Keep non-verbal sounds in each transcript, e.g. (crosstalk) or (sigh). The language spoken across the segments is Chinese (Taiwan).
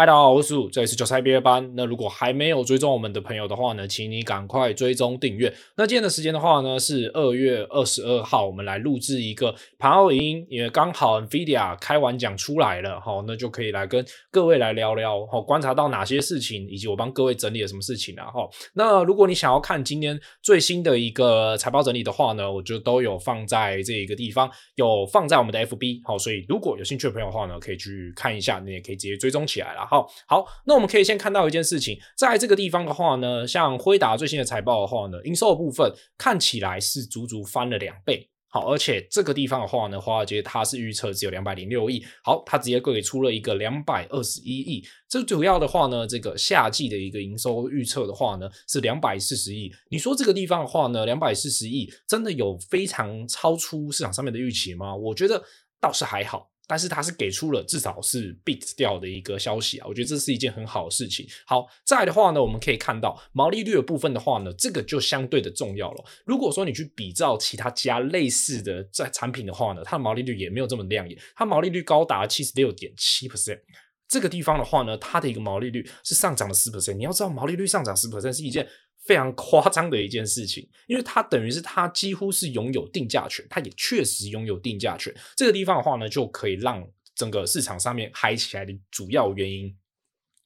大家好，我是叔，這裡是韭菜畢業班。那如果還沒有追蹤我們的朋友的話呢，請你趕快追蹤訂閱。那今天的時間的話呢，是二月二十二號，我們來錄製一個盤後影音。也剛好 NVIDIA 開完獎出來了，好，那就可以來跟各位來聊聊。好，觀察到哪些事情，以及我幫各位整理了什麼事情啊？好，那如果你想要看今天最新的一個財報整理的話呢，我就都有放在這一個地方，有放在我們的 FB。好，所以如果有興趣的朋友的話呢，可以去看一下，你也可以直接追蹤起來啦。好好，那我們可以先看到一件事情，在這個地方的話呢，像輝達最新的財報的話呢，營收的部分看起來是足足翻了兩倍。好，而且這個地方的話呢，華爾街它是預測只有兩百零六億，好，它直接給出了一個兩百二十一億。最主要的話呢，這個夏季的一個營收預測的話呢是兩百四十億。你說這個地方的話呢，兩百四十億真的有非常超出市場上面的預期嗎？我覺得倒是還好。但是它是給出了至少是 beat 掉的一個消息啊，我覺得這是一件很好的事情。好，再來的話呢，我們可以看到毛利率的部分的話呢，這個就相對的重要了。如果說你去比照其他家類似的在產品的話呢，它的毛利率也沒有這麼亮眼。它毛利率高達七十六點七 percent，這個地方的話呢，它的一個毛利率是上漲了十 percent。你要知道，毛利率上漲十 percent 是一件。非常誇張的一件事情，因為它等於是它幾乎是擁有定價權，它也確實擁有定價權。這個地方的話呢，就可以讓整個市場上面嗨起來的主要原因，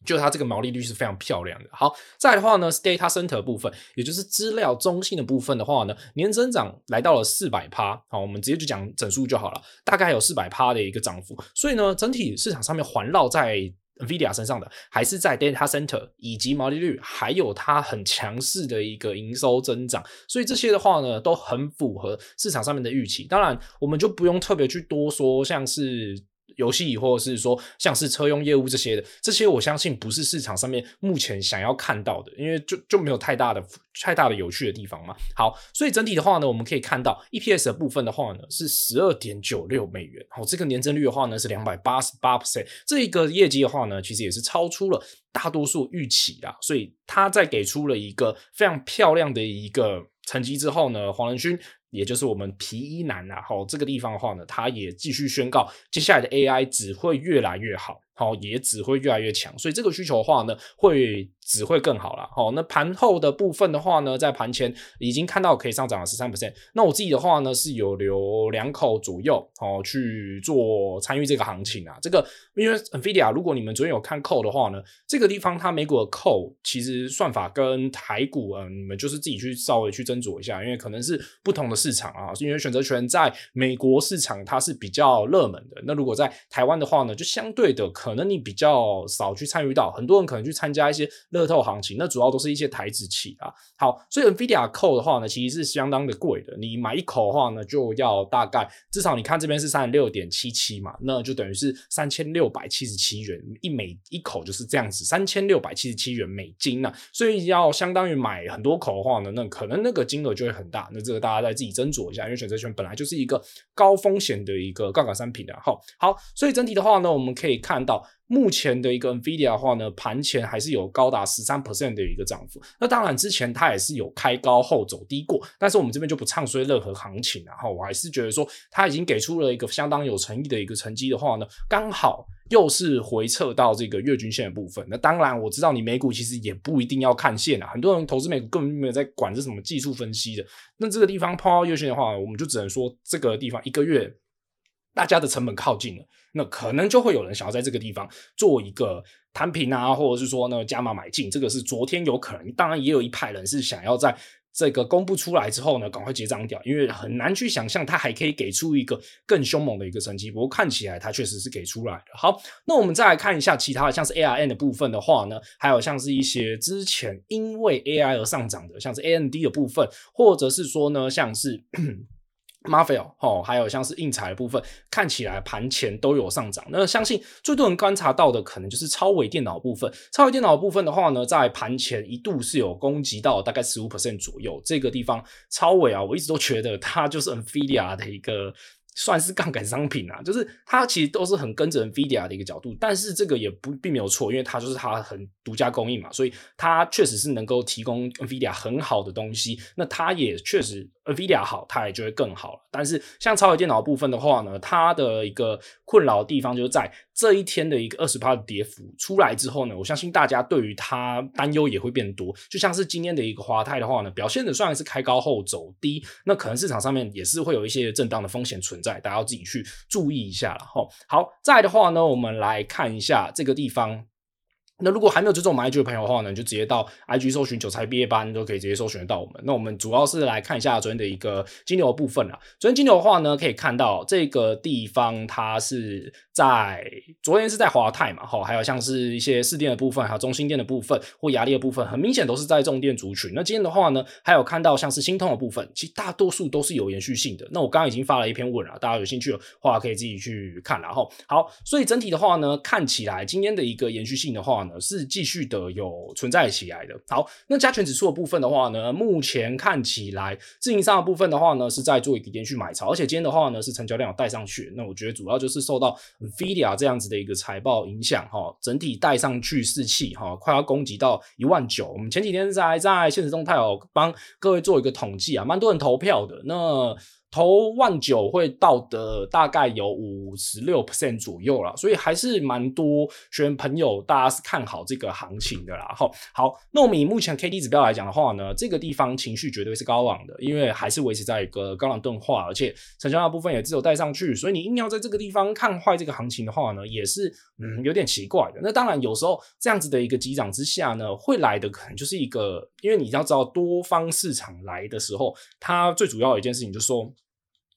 就它這個毛利率是非常漂亮的。好，再的話呢，Data Center 的部分，也就是資料中心的部分的話呢，年增長來到了四百趴。好，我們直接就講整數就好了，大概有四百趴的一個漲幅。所以呢，整體市場上面環繞在。NVIDIA 身上的，還是在 Data Center，以及毛利率，還有它很強勢的一個營收增長，所以這些的話呢，都很符合市場上面的預期。當然，我們就不用特別去多說，像是。遊戲，遊戲或者是說像是車用業務這些的，這些我相信不是市場上面目前想要看到的，因為就就沒有太大的、太大的有趣的地方嘛。好，所以整體的話呢，我們可以看到 EPS 的部分的話呢，是十二點九六美元，哦，這個年增率的話呢是兩百八十八 percent，這一個業績的話呢其實也是超出了大多數預期啦。所以他在給出了一個非常漂亮的一個成績之後呢，黃仁勳。也就是我們皮衣男啊。好，這個地方的話呢，他也繼續宣告，接下來的 AI 只會越來越好。好，也只會越來越強，所以這個需求的話呢，會只會更好了。好、喔，那盤後的部分的話呢，在盤前已經看到可以上漲了十三 percent。那我自己的話呢，是有留兩口左右，好、喔、去做參與這個行情啊。這個因為 Nvidia，如果你們昨天有看 call 的話呢，這個地方它美股的 call，其實算法跟台股啊、嗯，你們就是自己去稍微去斟酌一下，因為可能是不同的市場啊。因為選擇權在美國市場它是比較熱門的，那如果在台灣的話呢，就相對的。可能你比較少去參與到，很多人可能去參加一些樂透行情，那主要都是一些台指期啊。好，所以 Nvidia Call 的話呢，其實是相當的貴的。你買一口的話呢，就要大概至少你看這邊是三十六點七七嘛，那就等於是三千六百七十七元一美一口就是這樣子，三千六百七十七元美金呢、啊。所以要相當於買很多口的話呢，那可能那個金額就會很大。那這個大家再自己斟酌一下，因為選擇權本來就是一個高風險的一個槓桿商品的。好，好，所以整體的話呢，我們可以看到。目前的一個 NVIDIA 的話呢，盤前還是有高達十三 percent 的一個漲幅。那當然，之前它也是有開高後走低過，但是我們這邊就不唱衰任何行情然、啊、哈。我還是覺得說，它已經給出了一個相當有誠意的一個成績的話呢，剛好又是回撤到這個月均線的部分。那當然，我知道你美股其實也不一定要看線啊，很多人投資美股根本就沒有在管這什麼技術分析的。那這個地方拋到月線的話，我們就只能說這個地方一個月。大家的成本靠近了，那可能就會有人想要在這個地方做一個攤平啊，或者是說呢加碼買進。這個是昨天有可能，當然也有一派人是想要在這個公布出來之後呢，趕快結賬掉，因為很難去想象它還可以給出一個更凶猛的一個成績。不過看起來它確實是給出來了。好，那我們再來看一下其他的，像是 ARM 的部分的話呢，還有像是一些之前因為 A I 而上漲的，像是 AMD 的部分，或者是說呢，像是。 (coughs) m a f e 奧哦，還有像是應材的部分，看起來盤前都有上漲。那相信最多人觀察到的，可能就是超微電腦部分。超微電腦部分的話呢，在盤前一度是有攻擊到大概十五%左右這個地方。超微啊，我一直都覺得它就是 NVIDIA 的一個。算是槓桿商品啊，就是它其實都是很跟着 NVIDIA 的一個角度，但是這個也不並沒有錯，因為它就是它很獨家供應嘛，所以它確實是能夠提供 NVIDIA 很好的東西。那它也確實 NVIDIA 好，它也就會更好了。但是像超微電腦的部分的話呢，它的一個困擾的地方就是在這一天的一個二十%的跌幅出來之後呢，我相信大家對於它擔憂也會變多。就像是今天的一個華泰的話呢，表現的算是開高後走低，那可能市場上面也是會有一些震盪的風險存在。在，大家要自己去注意一下了哈。好，再的話呢，我們來看一下這個地方。那如果還沒有追蹤我 IG 的朋友的話呢，你就直接到 IG 搜尋“韭菜畢業班”，都可以直接搜尋得到我們。那我們主要是來看一下昨天的一個金流的部分啦。昨天金流的話呢，可以看到這個地方它是在昨天是在華泰嘛，好，還有像是一些士電的部分，還有中興電的部分或亞力的部分，很明顯都是在重電族群。那今天的話呢，還有看到像是星通的部分，其實大多數都是有延續性的。那我剛剛已經發了一篇文啦，大家有興趣的話可以自己去看。啦。吼好，所以整體的話呢，看起來今天的一個延續性的話呢。是繼續的有存在起來的。好，那加權指數的部分的話呢，目前看起來，自營商的部分的話呢，是在做一個延續買超，而且今天的話呢，是成交量有帶上去。那我覺得主要就是受到 NVIDIA 這樣子的一個財報影響，哈、哦，整體帶上去士氣，哈、哦，快要攻擊到一萬九。我們前幾天在在限時動態有幫各位做一個統計啊，蠻多人投票的。那頭萬九會到的大概有五十六 percent 左右了，所以還是蠻多學員朋友大家是看好這個行情的啦。齁，好，那我們以目前 K D 指標來講的話呢，這個地方情緒絕對是高昂的，因為還是維持在一個高量鈍化，而且成交量部分也只有帶上去，所以你硬要在這個地方看壞這個行情的話呢，也是嗯有點奇怪的。那當然有時候這樣子的一個急漲之下呢，會來的可能就是一個，因為你要知道多方市場來的時候，它最主要的一件事情就是說。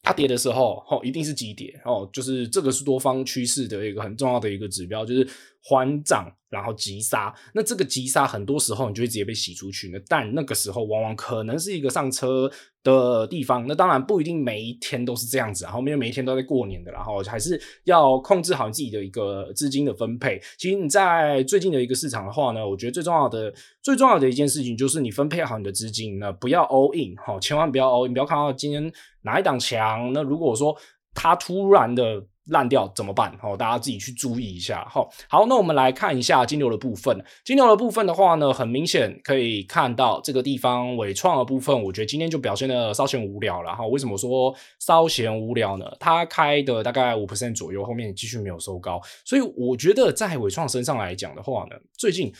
下、啊、跌的時候，哦，一定是急跌，哦，就是這個是多方趨勢的一個很重要的一個指標，就是，寬漲，然後急殺，那這個急殺很多時候你就會直接被洗出去呢。那但那個時候往往可能是一個上車的地方，那當然不一定每一天都是這樣子。然後因為每一天都在過年的，然後還是要控制好你自己的一個資金的分配。其實你在最近的一個市場的話呢，我覺得最重要的、最重要的一件事情就是你分配好你的資金，那不要 all in，千萬不要 all in，不要看到今天哪一檔強，那如果說它突然的。爛掉怎麼辦？哦，大家自己去注意一下。好，好，那我們來看一下金流的部分。金流的部分的話呢，很明顯可以看到這個地方緯創的部分，我覺得今天就表現的稍嫌無聊了。哈，為什麼說稍嫌無聊呢？它開的大概五 percent 左右，後面繼續沒有收高，所以我覺得在緯創身上來講的話呢，最近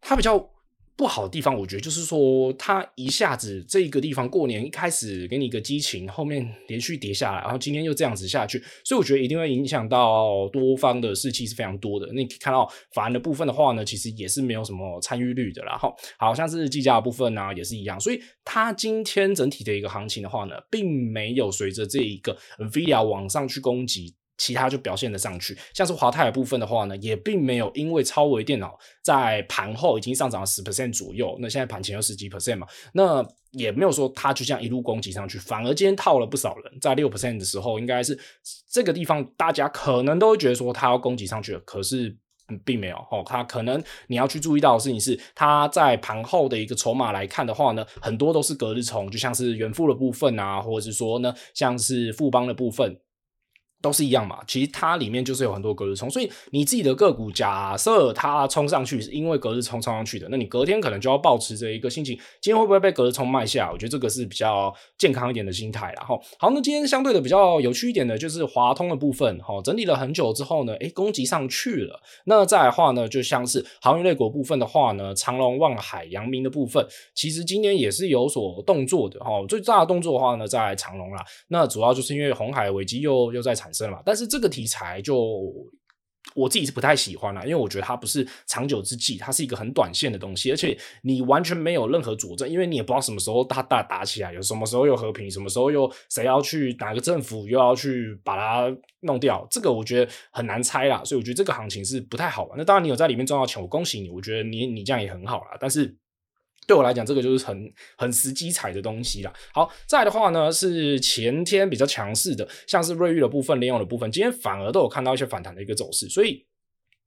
它比較。不好的地方，我覺得就是說，它一下子這個地方過年一開始給你一個激情，後面連續跌下來，然後今天又這樣子下去，所以我覺得一定會影響到多方的士氣是非常多的。那你可以看到法人的部分的話呢，其實也是沒有什麼參與率的啦。然後好像是計價部分啊，也是一樣。所以它今天整體的一個行情的話呢，並沒有隨着這一個 Nvidia 往上去攻擊。其他就表現得上去，像是華泰的部分的話呢，也並沒有因為超微電腦在盤後已經上漲了十 percent 左右，那現在盤前有十幾 percent 嘛，那也沒有說它就這樣一路攻擊上去，反而今天套了不少人在6，在六 percent 的時候，應該是這個地方大家可能都會覺得說它要攻擊上去了，可是並沒有哦，它可能你要去注意到的事情是，它在盤後的一個籌碼來看的話呢，很多都是隔日沖，就像是元富的部分啊，或者是說呢，像是富邦的部分。都是一樣嘛，其實它裡面就是有很多隔日沖，所以你自己的個股，假設它衝上去是因為隔日沖衝上去的，那你隔天可能就要抱持這一個心情，今天會不會被隔日沖賣下？我覺得這個是比較健康一點的心態。然後，好，那今天相對的比較有趣一點的就是華通的部分，哦，整理了很久之後呢，哎、欸，攻擊上去了。那再來的話呢，就像是航運類股部分的話呢，長榮、萬海、陽明的部分，其實今天也是有所動作的。哦，最大的動作的話呢，在長榮啦，那主要就是因為紅海危機又又在產生。是了，但是這個題材就我自己是不太喜歡了，因為我覺得它不是長久之計，它是一個很短線的東西，而且你完全沒有任何佐證，因為你也不知道什麼時候它大打，打起來，有什麼時候又和平，什麼時候又誰要去哪個政府又要去把它弄掉，這個我覺得很難猜啦，所以我覺得這個行情是不太好玩。那當然，你有在裡面賺到錢，我恭喜你，我覺得你你這樣也很好啦，但是。對我來講，這個就是很很實際彩的東西啦，好，再來的話呢，是前天比較強勢的，像是瑞昱的部分、聯詠的部分，今天反而都有看到一些反彈的一個走勢。所以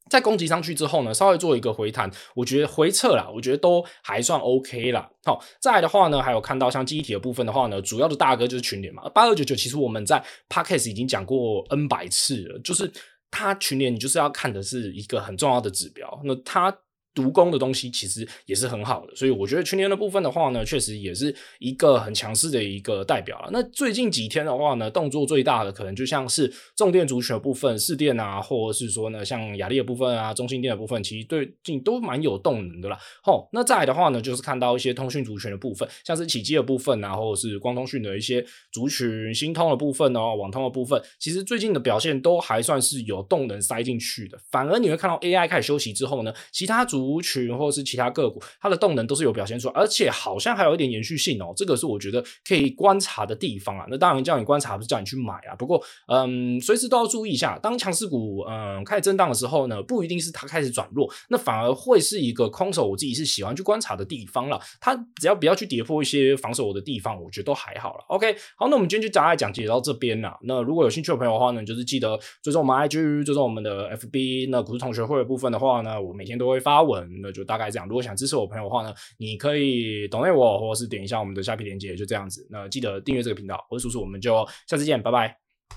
在攻擊上去之後呢，稍微做一個回彈，我覺得回撤啦，我覺得都還算 OK 啦。好，再來的話呢，還有看到像記憶體的部分的話呢，主要的大哥就是群聯嘛，八二九九其實我們在 Podcast 已經講過 N 百次了，就是它群聯你就是要看的是一個很重要的指標，那它。獨供的東西其實也是很好的，所以我覺得去年的部分的話呢，確實也是一個很強勢的一個代表了。那最近幾天的話呢，動作最大的可能就像是重電族群的部分，士電啊，或者是說呢，像亞力的部分啊，中興電的部分，其實最近都蠻有動能的啦。吼、哦，那再來的話呢，就是看到一些通訊族群的部分，像是啟碁的部分啊，或者是光通訊的一些族群，新通的部分哦、喔，網通的部分，其實最近的表現都還算是有動能塞進去的。反而你會看到 AI 開始休息之後呢，其他族族群、或是其他個股，它的動能都是有表現出來，而且好像還有一點延續性哦，這個是我覺得可以觀察的地方啊。那當然叫你觀察不是叫你去買啊。不過，嗯，隨時都要注意一下，當強勢股嗯開始震盪的時候呢，不一定是它開始轉弱，那反而會是一個空手，我自己是喜歡去觀察的地方了。它只要不要去跌破一些防守我的地方，我覺得都還好了。OK，好，那我們今天就大概講解到這邊啦。那如果有興趣的朋友的話呢，你就是記得追蹤我們 IG，追蹤我們的 FB。那股市同學會的部分的話呢，我每天都會發文。那就大概這樣。如果想支持我朋友的話呢，你可以 donate 我，或者是點一下我們的下批鏈接，就這樣子。那記得訂閱這個頻道，嗯、我是叔叔，我們就下次見，拜拜。